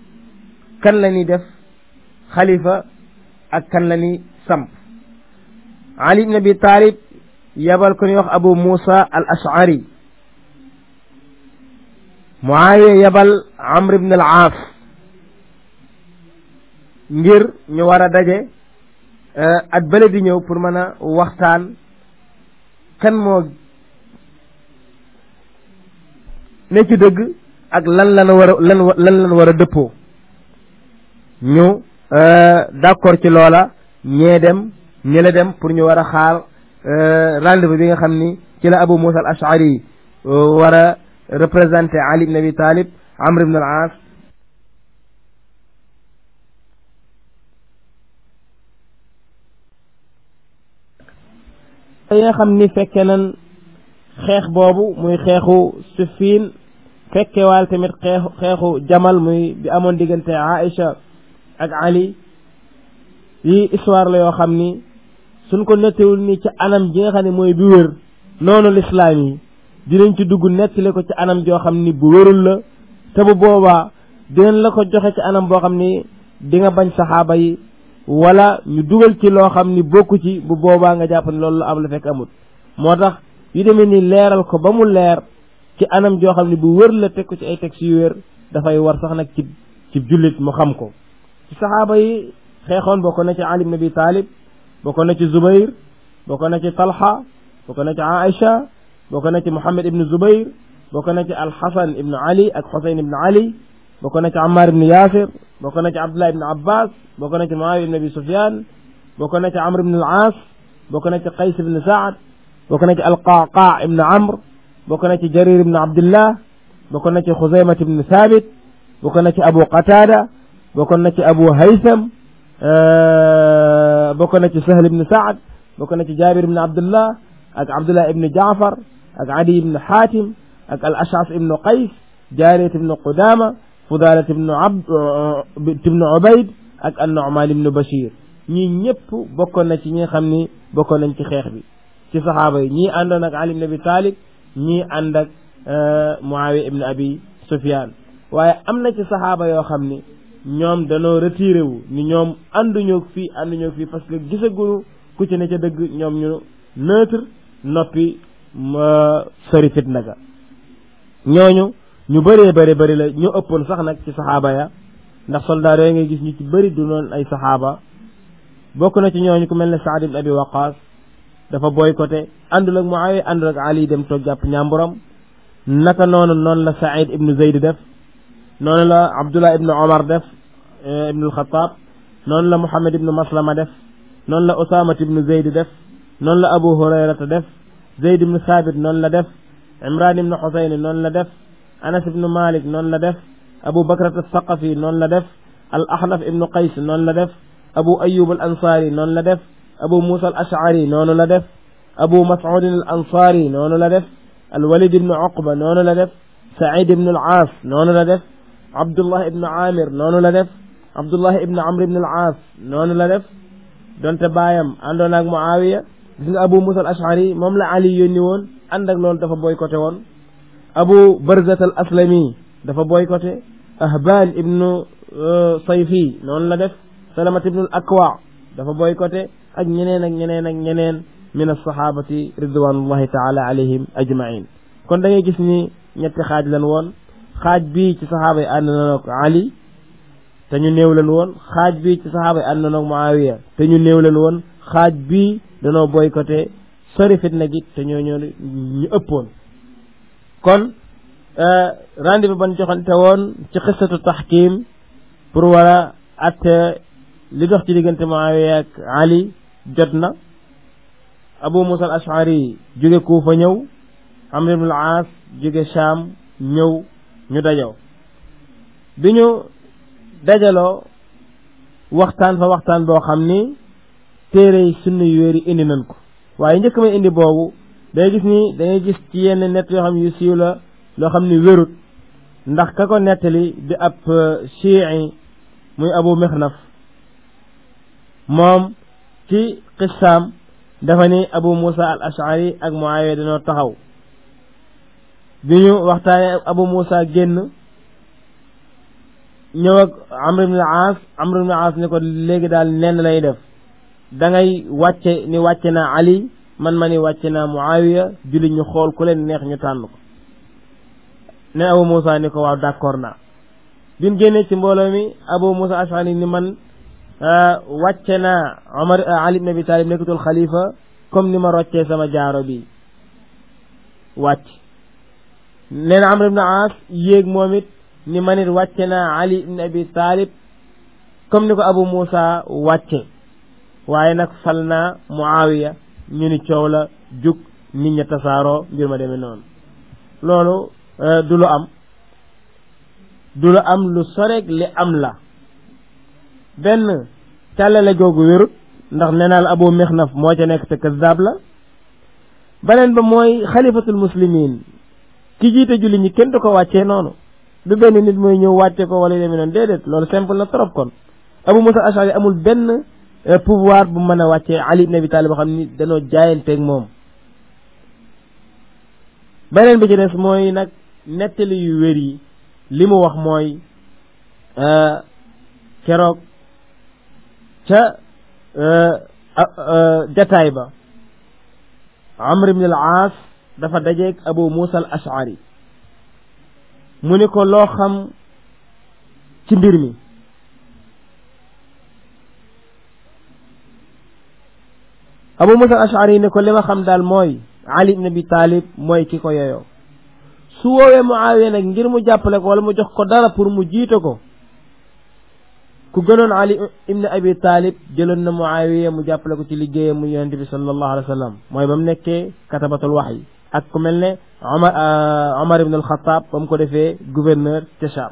kan la def xalifa ak kan la ñuy samp Ali ibn Abi Talib yebal ko ñuy wax Abu Musa al Ash'ari Muawiya yebal Amr ibn al Aas ngir ñu war a daje Euh, at bële di ñëw pour mën a waxtaan kan moo ne ci dëgg ak lan lan war a lan lan lan war a dëppoo ñu euh, d'accord ci loola ñee dem ñi la dem pour ñu war a xaar euh, rendez-vous bi nga xam ni ci la Abu Musa al Ash'ari war a représenté Ali ibn Abi Talib Amr ibn As yi nga xam ni fekke nan xeex boobu muy xeexu Siffin fekkewaal tamit xeexu Jamal muy bi amoon diggante Aïcha ak Ali yi histoire la yoo xam ni suñ ko nettewul nii ci anam ji nga xam ne mooy bi wér noonu lislaam yi dinañ ci dugg nettali ko ci anam joo xam ni bu wérul la te bu boobaa dinañ la ko joxe ci anam boo xam ni di nga bañ saxaaba yi wala ñu dugal ci loo xam ni bokku ci bu boobaa nga jàpp ne loolu la am la fekk amul moo tax yi demee ni leeral ko ba mu leer ci anam joo xam ne bu wër la teg ko ci ay textes yu wér dafay war sax nag ci ci jullit mu xam ko ci saxaaba yi xeexoon bokk na ci Ali ibn Abi Talib bokk na ci Zubair bokk na ci Talha bokk na ci Aïcha bokk na ci Muhammad ibn Zubair bokk na ci Al-Hasan Ali ak Husayn ibn Ali bokk na ci Yasir bokk na ci Abdullah bokk na ci Muawiya ibn Abi Sufyan bokk na ci Amr ibn al-As bokk na ci Qays ibn Sa'd bokk na ci Al-Qa'qa' ibn Amr bokk na ci Jarir ibn Abdullah bokk na ci Khuzayma ibn Thabit bokk na ci Abu Qatada bokk na ci Abu Haytham bokk na ci Sahl ibn Sa'd bokk na ci Jabir ibn Abdullah ak Abdullah ibn Ja'far ak Adi ibn Hatim ak Al-Ash'ath ibn Qays Jariyat ibn Qudama Fudalat ibn Abd ibn Ubayd ak an-Nu'man ibn Bashir ñii ñëpp bokkoon na ci ñi nga xam ni bokkoon nañ ci xeex bi ci saxaaba yi ñii àndoon ak Ali ibn Abi Talib ñii ànd ak euh, Muawiya ibn Abi Sufyan waaye am na ci saxaaba yoo xam ni ñoom danoo retiré wu ni ñoom ànduñoo fii ànduñoo fii parce que gisaguñu ku ci ne ca dëgg ñoom ñu neutre noppi ma sori fitna ga ñooñu ñu bëree bëri bëri la ñu ëppoon sax nag ci saxaaba ya ndax soldaar yooyu ngay gis ñu ci bëri du doon ay saxaaba bokk na ci ñooñu ku mel ne Saad ibn Abi Waqaas dafa boycotté àndul ak Muawiya àndul ak Ali dem toog jàpp ñàmburam naka noonu noonu la Saïd ibn Zayd def noonu la Abdullah ibn Omar def eh, ibn al-Khattab noonu la Muhammad ibn Maslama def noonu la Osama ibn Zayd def noonu la Abu Hurayrata def Zayd ibn Thabit noonu la def Imran noonu la def Anas ibn Malik noonu la def abu bakrat as-saqafi noonu la def al ahnaf ibnu qays noonu la def abu ayub al ansaari noonu la def abu musa al ashari noonu la def abu mas'udin al ansaari noonu la def al walid ibnu uqba noonu la def said ibnu al aas noonu la def abdullah ibnu amir noonu la def abdullah ibnu amr ibnu al aas noonu la def donte baayam àndoon ak muawiya gis nga abu musa al ashari moom la ali yónni woon ànd ak loolu dafa boycotté woon abu barzat al aslami dafa boycotté ahbal ibnu euh, sayfi noonu la def salamat ibnul akwa dafa boycotté ak ñeneen ak ñeneen ak ñeneen min alsahabati ridwanullahi taala alayhim ajmain kon da gis ni ñetti xaaj lan woon xaaj bi ci saxaaba yi ànd na ak ali te xaaj bii ci saxaaba yi ànd te ñu néew leen woon xaaj bi danoo boycotté sori fitna gi te ñu ëppoon kon Euh, rendez-vous ban joxante woon ci xisatu taxkim pour war a atte li dox ci diggante Muawiya ak Ali jot na Abu Musa al Ashari jóge Kuufa ñëw Amr ibn al Aas jóge Shaam ñëw ñu dajaw bi ñu dajaloo waxtaan fa waxtaan boo xam ni téere yi sunna yu yi indi nañ ko waaye njëkk may indi boobu day gis ni dangay gis ci yenn nett yoo xam yu siiw la loo xam ni wérut ndax ka ko nettali di ab chii euh, muy abu mixnaf moom ci qissaam dafa ni abu musa al ashari ak muawiya dañoo taxaw bi ñu waxtaane abu musa génn ñëw ak amr ibn al-aas amr ni ko léegi daal nenn lay def dangay ngay wàcce ni wàcce naa ali man ma ni wàcce naa muawiya julli ñu xool ku leen neex ñu tànn ko ne Abu Moussa ni ko waaw d'accord naa bi génnee ci mbooloo mi Abu Moussa Ash'ari ni man euh, wàcce naa Omar euh, Ali ibn Abi Talib nekkatul xalifa comme ni ma roccee sama jaaro bi wàcc nee na Amr ibn Aas yéeg moom it ni man wàcce naa Ali ibn Abi Talib comme ni ko Abu Moussa wàcce waaye nag fal naa Muawiya ñu ni coow la jug nit ña tasaaroo mbir ma deme noonu loolu Euh, du lu am du lu am lu soreeg li am la benn càllale googu wérut ndax nenaal abu mixnaf moo ca nekk te kazaab la beneen ba mooy xalifatul muslimin ki jiite julli ñi kenn du ko wàccee noonu lu benn nit mooy ñëw wàcce ko wala yéeme noonu déedéet loolu simple na trop kon abu musa ashari amul benn euh, pouvoir bu mën a wàccee ali ibn abi talib boo xam ni danoo jaayanteeg moom beneen bi ci des mooy nag nettali yu wér yi li mu wax mooy euh, keroog ca euh, euh, détail ba amr ibn al dafa dajeeg abu muusa ashari mu ni ko loo xam ci mbir mi abu muusa al ashari ni ko li ma xam daal mooy ali ibn abi taalib mooy ki ko yeyoo su mu Muawiya nag ngir mu jàppale ko wala mu jox ko dara pour mu jiite ko ku gënoon Ali ibn Abi Talib jëloon na Muawiya mu jàppale ko ci liggéeyam mu yonente bi sallallahu alayhi wa mooy ba nekkee katabatul waxyi ak ku mel ne Omar euh, Omar ko defee gouverneur ca Cham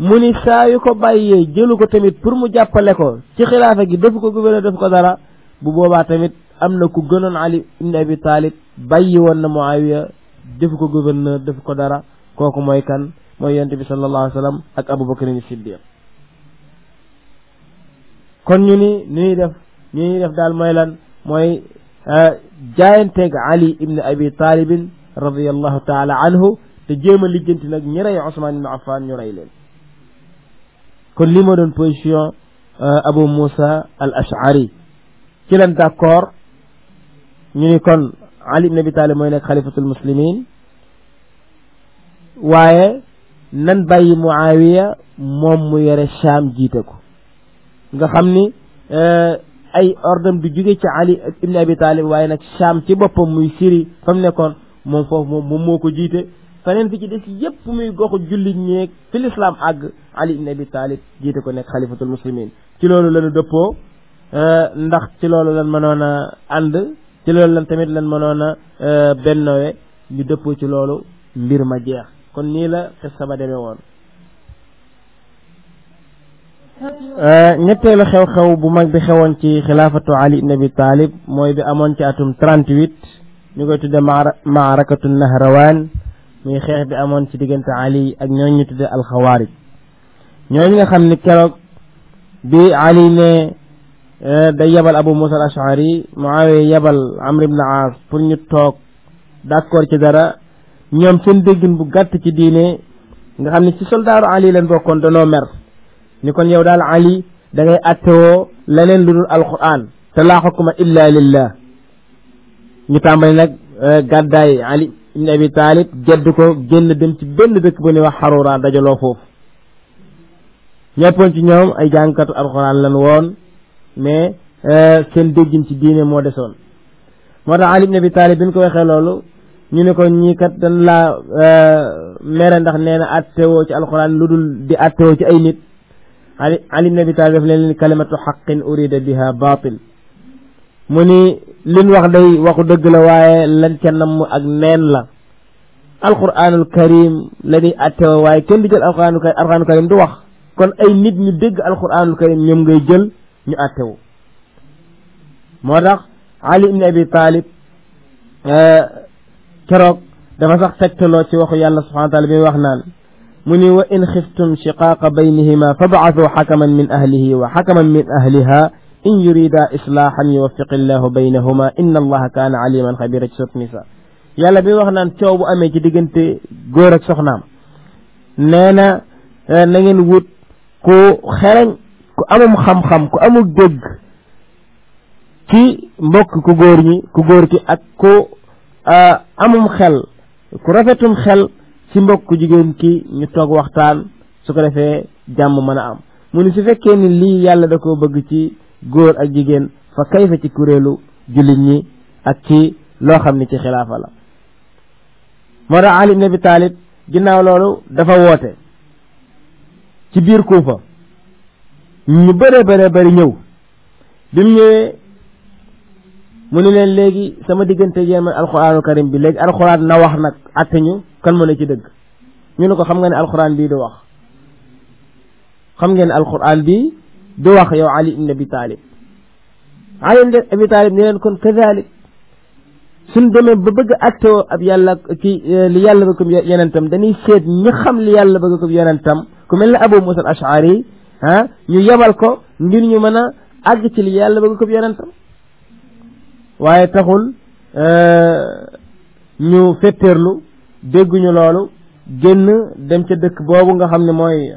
ni saa ko bàyyee jëlu ko tamit pour mu jàppale ko ci xilaafa gi defu ko gouverneur defu ko dara bu boobaa tamit am na ku gënoon Ali ibn Abi Talib bàyyi woon na Muawiya defu ko gouverneur defu ko dara kooku mooy kan mooy yonent bi sallallahu wa sallam ak Abubakar ni Siddiq kon ñu ni ni def ñu def daal mooy lan mooy euh, jaayanteeg Ali ibn Abi Talibin radiyallahu taala anhu te jéem a lijjanti nag ñi rey Ousmane ibn Affan ñu rey leen kon li ma doon position euh, Abu Moussa al Ash'ari ci lan d'accord kon Ali ibn Abi Talib mooy nekk xalifatul muslimin waaye nan bàyyi Muawiya moom mu yore Sham jiite ko nga xam ni eh, ay ordem du jóge ci Ali ibn Abi Talib waaye nag Sham ci boppam muy Syrie fa nekkoon moom foofu moom moo ko jiite feneen fi ci des yépp muy goxu jullit ñeeg fi lislaam àgg Ali ibn Abi Talib jiite ko nekk xalifatul muslimin ci loolu lañu dëppoo eh, ndax ci loolu lan mënoon a ànd ci loolu lan tamit lan mënoon a euh, bennowe ñu dëppoo ci loolu mbir ma jeex kon nii la xissa ba demee woon euh, ñetteelu xew-xew bu mag bi xewoon ci xilaafatu ali ibn abi mooy bi amoon ci atum 38 ñu koy ma maarakatu nahrawaan muy xeex bi amoon ci diggante ali ak ñoo ñu tudde ñooñu nga xam ni keroog bi ali ne Eh, day yabal abu musa al ashari muawiya yabal amr ibn aas pour ñu toog d'accord ci dara ñoom seen déggin bu gàtt ci diine nga xam ne ci soldaaru ali leen bokkoon danoo mer ni kon yow daal ali da ngay attewoo leneen lu dul alquran te laa xukma illa lillah ñu tàmbali nag eh, gàddaay ali ibn abi taalib gedd ko génn dem ci benn dëkk bu ñuy wax xarura dajaloo foofu ñëppoon ci ñoom ay jàngkatu alquran lan woon mais euh, seen déggin ci diine moo desoon moo tax Ali bi Abi Talib bi ñu ko waxee loolu ñu ne ko ñii kat dañ laa euh, mere ndax nee na attewoo ci alxuraan lu dul di attewoo ci ay nit Ali Ali ibn Abi Talib daf leen kalimatu xaqin urida biha batil mu ni liñ wax day waxu dëgg la waaye lan kenn namm ak neen la alquranul karim la ñuy attewoo waaye kenn di jël alquranul karim alquranul karim du wax kon ay nit ñu dégg alquranul karim ñoom ngay jël ñu àttewu moo tax Ali ibn Abi Talib euh, keroog dafa sax tegtaloo ci waxu yàlla subhanahu wa taala bi wax naan mu ni wa in xiftum shiqaaqa baynihima fab'athu xakaman min ahlihi wa xakaman min ahliha in yurida islaahan yuwaffiq illahu baynahuma inna allaha kaana aliman xabira ci sot nisa yàlla bi wax naan coow bu amee ci diggante góor ak soxnaam nee na euh, na ngeen wut ku xereñ ku amum xam-xam ku amul dégg ci mbokk ku góor gi ku góor ki ak ku amum xel ku rafetum xel ci mbokk ku jigéen ki ñu toog waxtaan su ko defee jàmm mën a am mu ni su fekkee ni lii yàlla da koo bëgg ci góor ak jigéen fa kayfa ci kuréelu jullit ñi ak ci loo xam ne ci xilaafa la moo tax Ali ibn Abi ginnaaw loolu dafa woote ci biir Kuufa ñu bare bëree bëri ñëw bi mu mu ne leen léegi sama diggante jéem alxuraanu karim bi léegi alxuraan na wax nag àtte ñu kan mën a ci dëgg ñu ne ko xam nga ne alxuraan bi du wax xam ngeen ne alxuraan bii du wax yow Ali ibn Abi Talib Ali ibn Abi Talib ne leen kon kazalik suñ ba bëgg àttewoo ab yàlla ci eh, li yàlla bëgg ko yonentam dañuy seet ñi xam li yàlla bëgg ko yonentam ku mel ne Abu Musa al ah ñu yebal ko ngir ñu mën a àgg ci li yàlla bëgg ko yonentam waaye taxul euh, ñu fetteerlu dégguñu loolu génn dem ca dëkk boobu nga xam ne mooy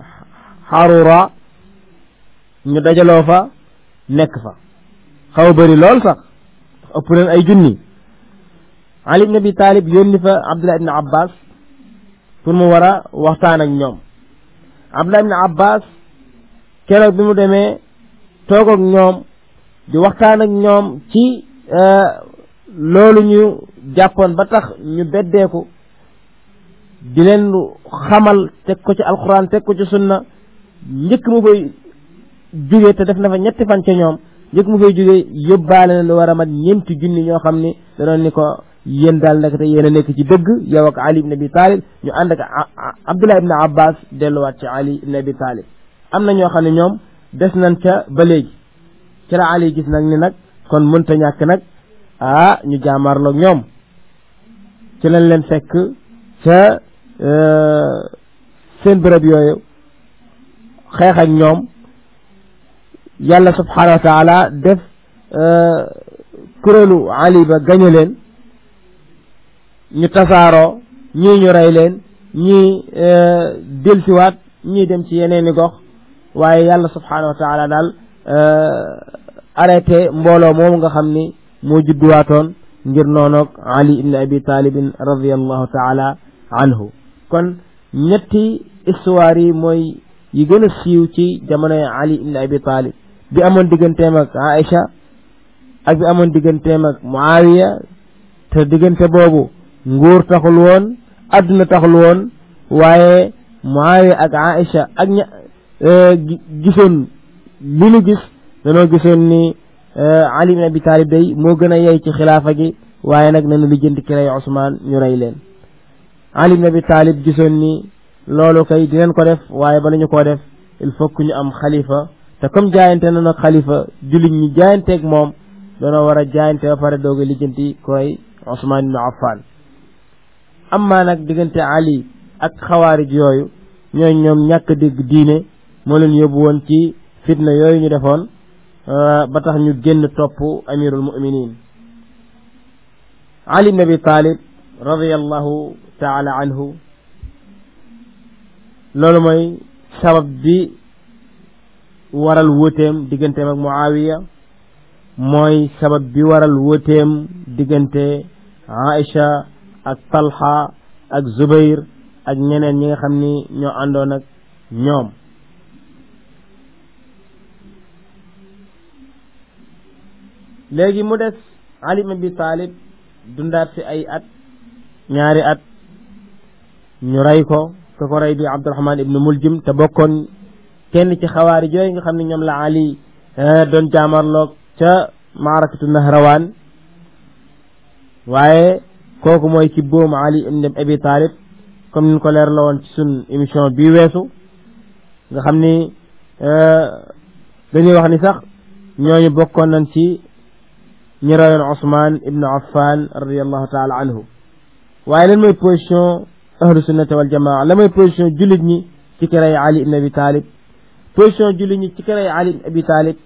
xarura ñu dajaloo fa nekk fa xaw bari lool sax ëpp leen ay junni Ali ibn Abi Talib yónni fa Abdullah ibn Abbas pour mu war a waxtaan ak ñoom Abdullah ibn Abbas keroog bi mu demee toogook ñoom di waxtaan ak ñoom ci euh, loolu ñu jàppoon ba tax ñu beddeeku di leen xamal teg ko ci alxuraan teg ko ci sunna njëkk mu fay jógee te def na fa ñetti fan ca ñoom njëkk mu fay jógee yóbbaale na lu war a mat ñeenti junni ñoo xam ni danoon ni ko yéen daal nekk te yéen a nekk ci dëgg yow ak Ali ibn Abi Talib ñu ànd ak Abdullah ibn Abbas delluwaat ci Ali ibn Abi Talib am na ñoo xam ne ñoom des nañ ca ba léegi ci la Ali gis nag ni nag kon mënta ñàkk nag ah ñu jaamarloog ñoom ci lañ leen fekk ca euh, seen bërëb yooyu xeex ak ñoom yàlla subhanahu def euh, kuréelu Ali ba gañe leen ñu tasaaroo ñii ñu rey leen ñii euh, delsiwaat ñii dem ci yeneeni gox waaye yàlla subhaanahu wa taala daal euh, arrêté mbooloo moom nga xam ni moo judduwaatoon ngir noonoog ali ibn abi taalibin radiallahu taala anhu kon ñetti histoire yi mooy yi gën a siiw ci jamonoy ali ibn abi taalib bi amoon digganteem ak aïcha ak bi amoon digganteem ak muawiya diggante boobu nguur taxul woon adduna taxul woon waaye muawiya ak aïcha ak Eh, gisoon li nu gis danoo gisoon ni eh, Ali ibn bi Talib day moo gën a yey ci xilaafa gi waaye nag nanu lijjanti ki rey Ousmane ñu rey leen Ali ibn Abi Talib gisoon ni loolu di dinañ ko def waaye bala ñu koo def il faut ñu am xalifa te comme jaayante na nag xalifa jullit ñi jaayanteeg moom danoo war a jaayante ba pare doog a lijjanti koy Ousmane ibn Affan amma nag diggante Ali ak xawaarij yooyu ñooy ñoom ñàkk dégg diine moo leen yóbbu woon ci fitna yooyu ñu defoon euh, ba tax ñu génn topp amirul muminin ali ibn abi talib radiallahu taala anhu loolu mooy sabab bi waral wuuteem digganteem ak muawiya mooy sabab bi waral wuuteem diggante aisha ak talha ak zubair ak ñeneen ñi nga xam ni ñoo àndoon ak ñoom léegi mu des Ali ibn Abi dundaat fi ay at ñaari at ñu rey ko ka ko rey di Abdurahmaan ibn Muljim te bokkoon kenn ci xawaari yooyu nga xam ne ñoom la Ali eh, doon jaamarloog ca maarakatu Nahrawaan waaye kooku mooy ki boom Ali ibn Abi Talib ko leer la woon ci sun émission bii weesu nga xam ni eh, dañuy wax ni sax ñooñu bokkoon nañ ci ñi rayoon Ousmane ibnu Affan radiallahu taala anhu waaye lan mooy position ahlu sunnati wal jamaa lan mooy position jullit ñi ci kiray Ali ibn Abi Talib position jullit ñi ci kiray Ali ibn Abi Talib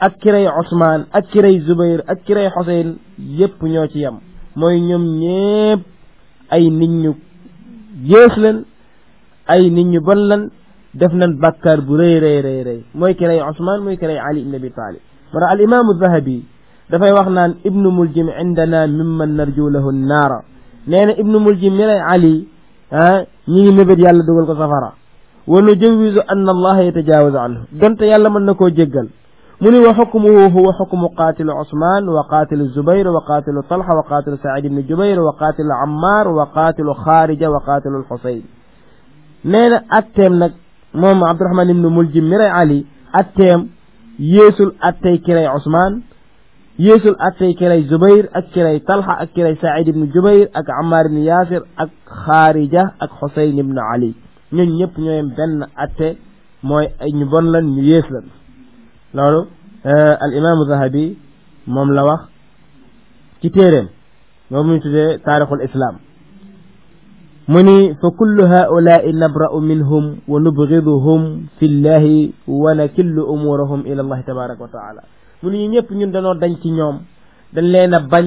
ak kiray Ousmane ak kiray Zubair ak kiray Xuseyn yépp ñoo ci yem mooy ñoom ñépp ay nit ñu yées lan ay nit ñu bon lan def nañ bàkkaar bu rëy rëy rëy rëy mooy kiray Ousmane mooy kiray Ali Abi Talib dafay wax naan ibnu muljim indana mimman narju lahu naara nee na ibnu muljim mi lay ali ah ñi ngi mébét yàlla dugal ko safara wa nujawizu an allaha yatajaawazu anhu donte yàlla mën na koo jéggal mu ni wa xukmuhu huwa xukmu qaatilu Ousmane wa qaatilu Zubair wa qaatilu Talha wa qaatilu Saïd ibn Jubair wa qaatilu Ammar wa qaatilu Xaarija wa qaatilu Xuseyn nee na atteem nag moom Abdurahman ibn Muljim mi rey Ali atteem yeesul attey ki rey Ousmane yéesal attey kiray Zubayr ak kiray Talha ak kiray Saïd ibn Jubayr ak Ammar ibn Yaasir ak Xaarija ak Xuseyn ibn Ali ñooñ ñëpp ñooyem benn atte mooy ñu bon lan ñu yées lan loolu euh, al imaamu Zahabi moom la wax ci téeréem moom mu tuddee taarixul islaam mu ni fa kullu haulaai nabra'u minhum wa nubgiduhum fi llahi wa nakillu umuurahum ila allahi tabaraka wa taala mu ne ñëpp ñun danoo dañ ci ñoom dañ leen bañ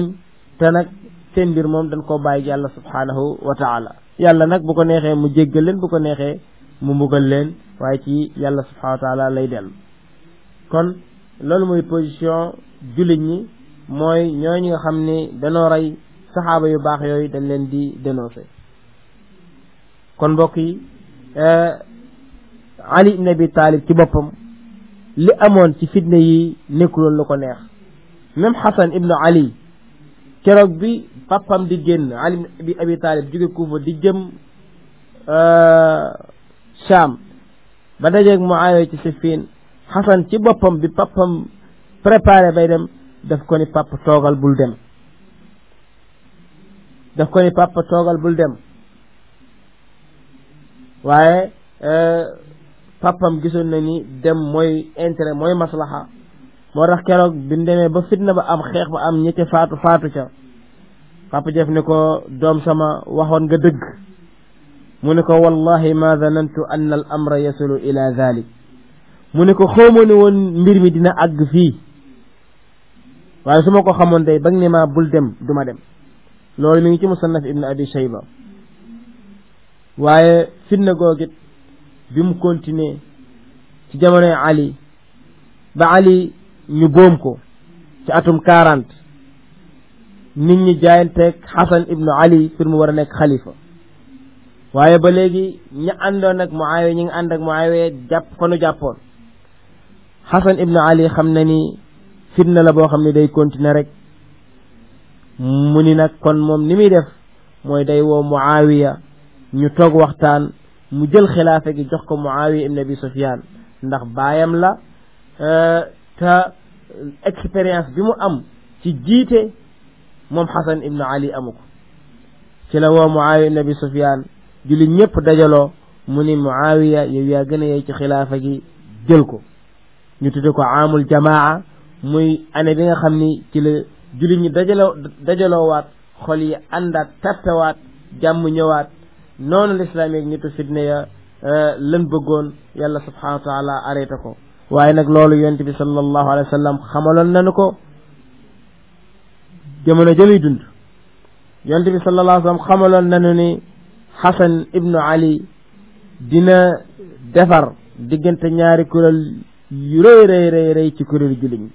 te nag seen mbir moom dañ koo bàyyi yàlla subhaanahu wa taala yàlla nag bu ko neexee mu jéggal leen bu ko neexee mu mbugal leen waaye ci yàlla subhaanahu wa lay dellu kon loolu mooy position jullit ñi mooy ñooñu nga xam ni danoo rey saxaaba yu baax yooyu dañ leen di dénoncer kon mbokk yi eh, Ali ibn Abi Talib ci boppam li amoon ci fitna yi nekkuloon lu ko neex même Xasan ibnu Ali keroog bi papam di génn Ali bi Abi Taalib jóge Kuufa di jëm euh, Saam ba dajeeg Muawiya ci Siffin Xasan ci boppam bi papam préparé bay dem daf ko ni papa toogal bul dem daf ko ni papa toogal bul dem waaye euh, papam gisoon na ni dem mooy intérêt mooy maslaxa moo tax keroog bi mu demee ba fitna ba am xeex ba am ñetti faatu faatu ca papa jëf ni ko doom sama waxoon nga dëgg mu ne ko wallahi ma zanantu anna al amra ila dhalik mu ne ko xawma woon mbir mi dina àgg fii waaye su ma ko xamoon day ba ne ma bul dem duma dem loolu mi ngi ci musannaf ibn abi shayba waaye fitna googit bi mu continuer ci jamonoy ali ba ali ñu boom ko ci atum quarante nit ñi jaayanteeg xasan ibnu ali pour mu war a nekk xalifa waaye ba léegi ñi àndoon ak Muawiya ñi ngi ànd ak Muawiya jàpp fa nu jàppoon xasan ibnu ali xam na ni fitna la boo xam ne day continuer rek mu ni nag kon moom ni muy def mooy day woo Muawiya ñu toog waxtaan mu jël xilaafa gi jox ko Muawiya ibn Abi Sufyaan ndax baayam la euh, te expérience bi mu am ci jiite moom Xasan ibn Ali amu ci la woo Muawiya ibn Abi Sufyaan jullit ñëpp dajaloo mu ni Muawiya yow yaa gën a yey ci xilaafa gi jël ko ñu tudde ko amul jamaa muy année bi nga xam ni ci la jullit ñi dajaloo dajaloowaat xol yi àndaat tattawaat jàmm ñëwaat noonu lislaam yeeg nitu fitne ya eh, lan bëggoon yàlla subhanahu wa arrêté ko waaye nag loolu yonent bi sallallahu alayhi wa sallam xamaloon nañu ko jamono jëmiy dund yonent bi sallallahu alayhi wa sallam xamaloon nañu ni Xasan ibnu Ali dina defar diggante ñaari kuréel yu rëy rëy ci kuréelu jullit ñi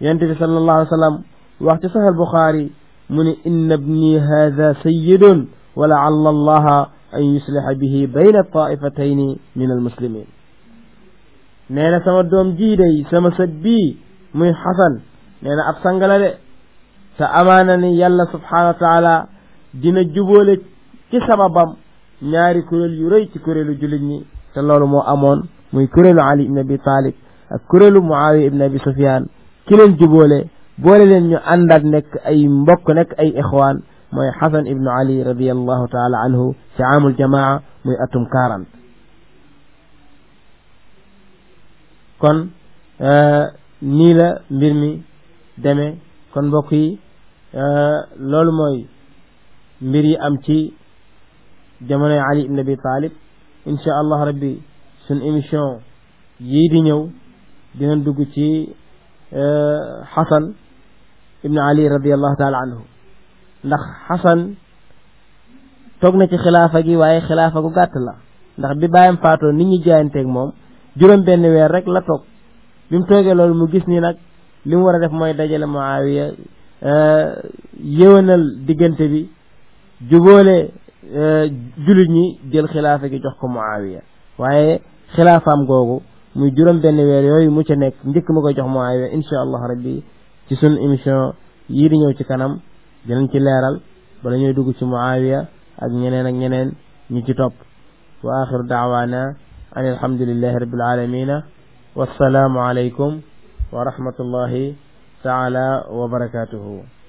yonent bi sallallahu alayhi wa sallam wax ci Sahih mu ni inna ibni hada sayyidun ولعل الله an yusliha bihi bayna taifatayni min almuslimin nee na sama doom jii day sama sët bii muy xasan nee ab sangala de te amaana ni yàlla subhaanahu wa taala dina jubóole ci sababam ñaari kuréel yu rëy ci kuréelu jullit ñi moo amoon muy kuréelu ali abi taalib ak kuréelu muawiya ibn abi sufyaan ki leen boole leen ñu àndaat nekk ay mbokk nekk ay ixwaan mooy xasan ibnu ali radiallahu taala anhu ci amul jamaa muy atum kon euh, nii la mbir mi demee kon mbokk yi euh, loolu mooy mbir yi am ci jamonoy ali ibn abi talib incha allah rabbi sun émission yii di ñëw dina dugg ci euh, xasan ibnu ali radiallahu taala anhu ndax xasan toog na ci xilaafa gi waaye xilaafa gu gàtt la ndax bi bàyyam faatoo nit ñi jaayanteeg moom juróom benn weer rek la toog bi mu toogee loolu mu gis ni nag li mu war a def mooy dajale Muawiya euh, yéwénal diggante bi jubóole euh, jullit ñi jël xilaafa gi jox ko mu Muawiya waaye xilaafaam googu muy juróom benn weer yooyu mu ci nekk njëkk ma ko jox mu Muawiya incha allah rabbi ci sun émission yii di ñëw ci kanam dinañ ci leeral bala ñuy dugg ci muawiya ak ñeneen ak ñeneen ñi ci topp wa axiru daawaana an alhamdulillahi rabbil alamina wassalaamu alaykum wa rahmatullahi taala wa barakatuhu